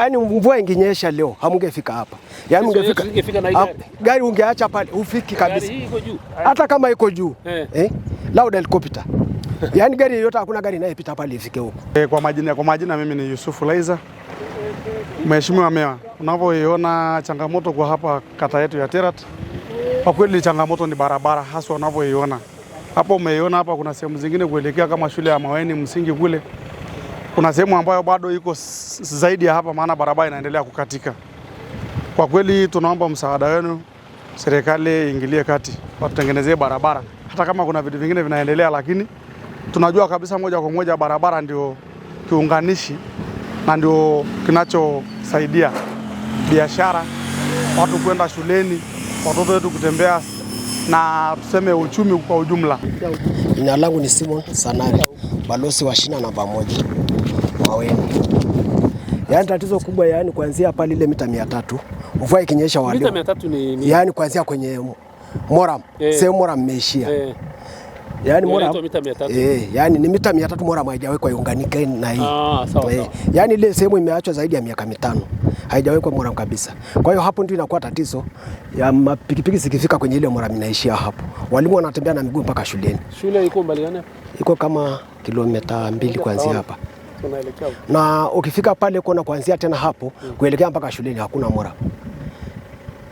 Yaani mvua inginyesha leo hamungefika hapa. Yaani mngefika. Gari ungeacha pale ufiki kabisa. Hata kama iko juu. Eh. Eh? helicopter. Yaani gari yoyote hakuna gari inayepita pale ifike huko. Eh, kwa majina kwa majina mimi ni Yusufu Laiza. Mheshimiwa Meya, unavyoiona changamoto kwa hapa kata yetu ya Terat. Kwa kweli changamoto ni barabara haswa unavyoiona. Hapo umeiona hapa kuna sehemu zingine kuelekea kama shule ya Maweni msingi kule kuna sehemu ambayo bado iko zaidi ya hapa, maana barabara inaendelea kukatika. Kwa kweli tunaomba msaada wenu, serikali ingilie kati, watutengenezee barabara, hata kama kuna vitu vingine vinaendelea, lakini tunajua kabisa moja kwa moja barabara ndio kiunganishi na ndio kinachosaidia biashara, watu kwenda shuleni, watoto wetu kutembea na tuseme uchumi kwa ujumla. Jina langu ni Simon Sanari, balozi wa shina namba moja maweni. Yaani tatizo kubwa yani kuanzia pale ile mita 300 mvua ikinyesha wale. Mita 300 ni, ni... Yaani kuanzia kwenye Moram, eh. Sehemu Moram imeishia. Eh. Yaani, yaani Moram eh, yani ni mita 300 tatu Moram haijawekwa iunganike na hii. Ah, sawa eh, sawa. Yaani ile sehemu imeachwa zaidi ya miaka mitano haijawekwa Moram kabisa. Kwa hiyo hapo ndio inakuwa tatizo ya mapikipiki zikifika kwenye ile Moram inaishia hapo. Walimu wanatembea na miguu mpaka shuleni. Shule iko mbali gani? Iko kama kilomita mbili kuanzia hapa tunaelekea na ukifika pale kona kuanzia tena hapo mm. kuelekea mpaka shuleni hakuna mura.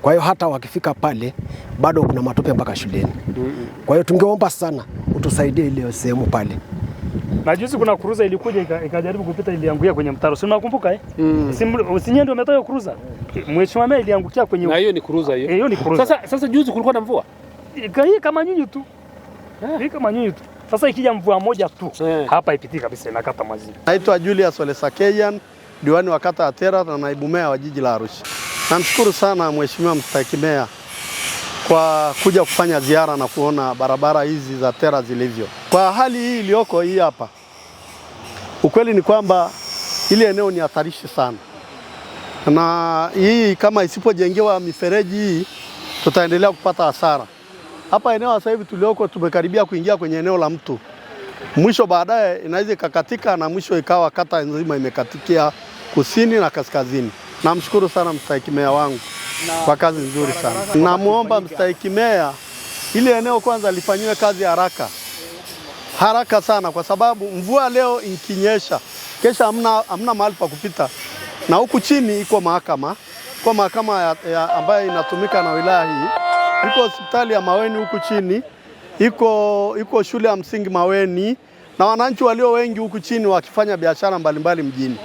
Kwa hiyo hata wakifika pale bado kuna matope mpaka shuleni mm -mm. Kwa hiyo tungeomba sana utusaidie ile sehemu pale na juzi kuna kuruza ilikuja ikajaribu kupita, iliangukia kwenye mtaro, si unakumbuka eh? mm. si ndio umetoka kuruza mheshimiwa mimi iliangukia kwenye na hiyo ni kuruza hiyo. Eh, hiyo ni kuruza. Sasa, sasa juzi kulikuwa na mvua hii kama nyinyi tu, Ni ah. kama nyinyi tu sasa ikija mvua moja tu yeah, hapa ipitii kabisa, inakata maziwa. Naitwa Julius olesakeyan diwani wa kata ya Tera na naibu meya wa jiji la Arusha. Namshukuru sana mheshimiwa mstahiki meya kwa kuja kufanya ziara na kuona barabara hizi za Tera zilivyo. Kwa hali hii iliyoko hii hapa, ukweli ni kwamba ili eneo ni hatarishi sana, na hii kama isipojengewa mifereji hii tutaendelea kupata hasara hapa eneo sasa hivi tulioko tumekaribia kuingia kwenye eneo la mtu mwisho, baadaye inaweza ikakatika na mwisho ikawa kata nzima imekatikia kusini na kaskazini. Namshukuru sana mstahiki meya wangu kwa kazi nzuri sana. Namwomba mstahiki meya ili eneo kwanza lifanyiwe kazi haraka haraka sana, kwa sababu mvua leo ikinyesha, kesha hamna mahali pa kupita, na huku chini iko mahakama, iko mahakama ambayo inatumika na wilaya hii iko hospitali ya Maweni huku chini, iko iko shule ya msingi Maweni, na wananchi walio wengi huku chini wakifanya biashara mbalimbali mjini.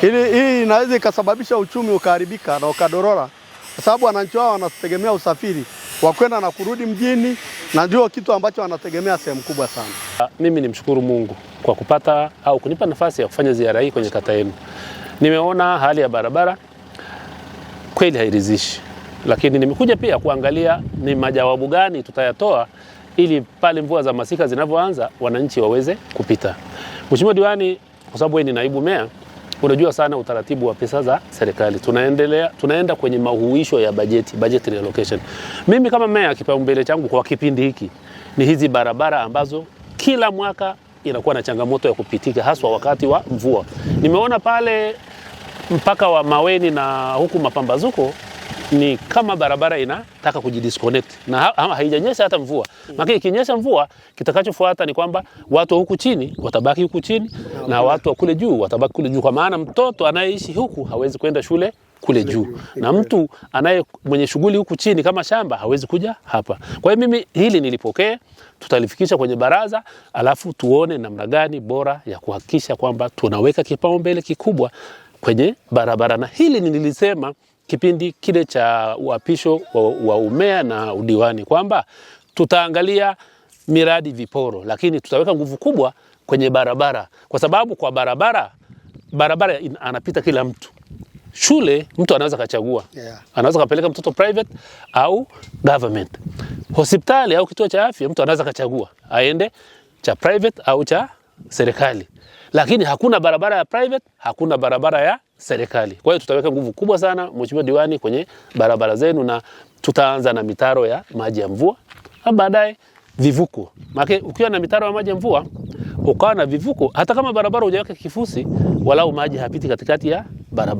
Hili hii inaweza ikasababisha uchumi ukaharibika na ukadorora, kwa sababu wananchi wao wanategemea usafiri wa kwenda na kurudi mjini, na ndio kitu ambacho wanategemea sehemu kubwa sana. Mimi nimshukuru Mungu kwa kupata au kunipa nafasi ya kufanya ziara hii kwenye kata yenu. Nimeona hali ya barabara kweli hairidhishi lakini nimekuja pia kuangalia ni majawabu gani tutayatoa ili pale mvua za masika zinavyoanza wananchi waweze kupita. Mheshimiwa Diwani, kwa sababu wewe ni naibu meya, unajua sana utaratibu wa pesa za serikali. Tunaendelea, tunaenda kwenye mahuisho ya bajeti, budget reallocation. Mimi kama meya, kipaumbele changu kwa kipindi hiki ni hizi barabara ambazo kila mwaka inakuwa na changamoto ya kupitika, haswa wakati wa mvua. Nimeona pale mpaka wa Maweni na huku mapambazuko ni kama barabara inataka kujidisconnect na ha ha haijanyesha hata mvua mm. Maana ikinyesha mvua, kitakachofuata ni kwamba watu wa huku chini watabaki huku chini na watu wa kule juu watabaki kule juu, kwa maana mtoto anayeishi huku hawezi kwenda shule kule juu na mtu anaye mwenye shughuli huku chini kama shamba hawezi kuja hapa. Kwa hiyo mimi hili nilipokee, tutalifikisha kwenye baraza, alafu tuone namna gani bora ya kuhakikisha kwamba tunaweka kipaumbele kikubwa kwenye barabara, na hili nilisema kipindi kile cha uapisho wa, wa umea na udiwani kwamba tutaangalia miradi viporo, lakini tutaweka nguvu kubwa kwenye barabara, kwa sababu kwa barabara barabara anapita kila mtu. Shule mtu anaweza kachagua, yeah. Anaweza kapeleka mtoto private au government. Hospitali au kituo cha afya mtu anaweza kachagua aende cha private au cha serikali, lakini hakuna barabara ya private, hakuna barabara ya serikali. Kwa hiyo tutaweka nguvu kubwa sana, Mheshimiwa Diwani, kwenye barabara zenu na tutaanza na mitaro ya maji ya mvua na baadaye vivuko. Maana ukiwa na mitaro ya maji ya mvua ukawa na vivuko, hata kama barabara hujaweka kifusi, walau maji hapiti katikati ya barabara.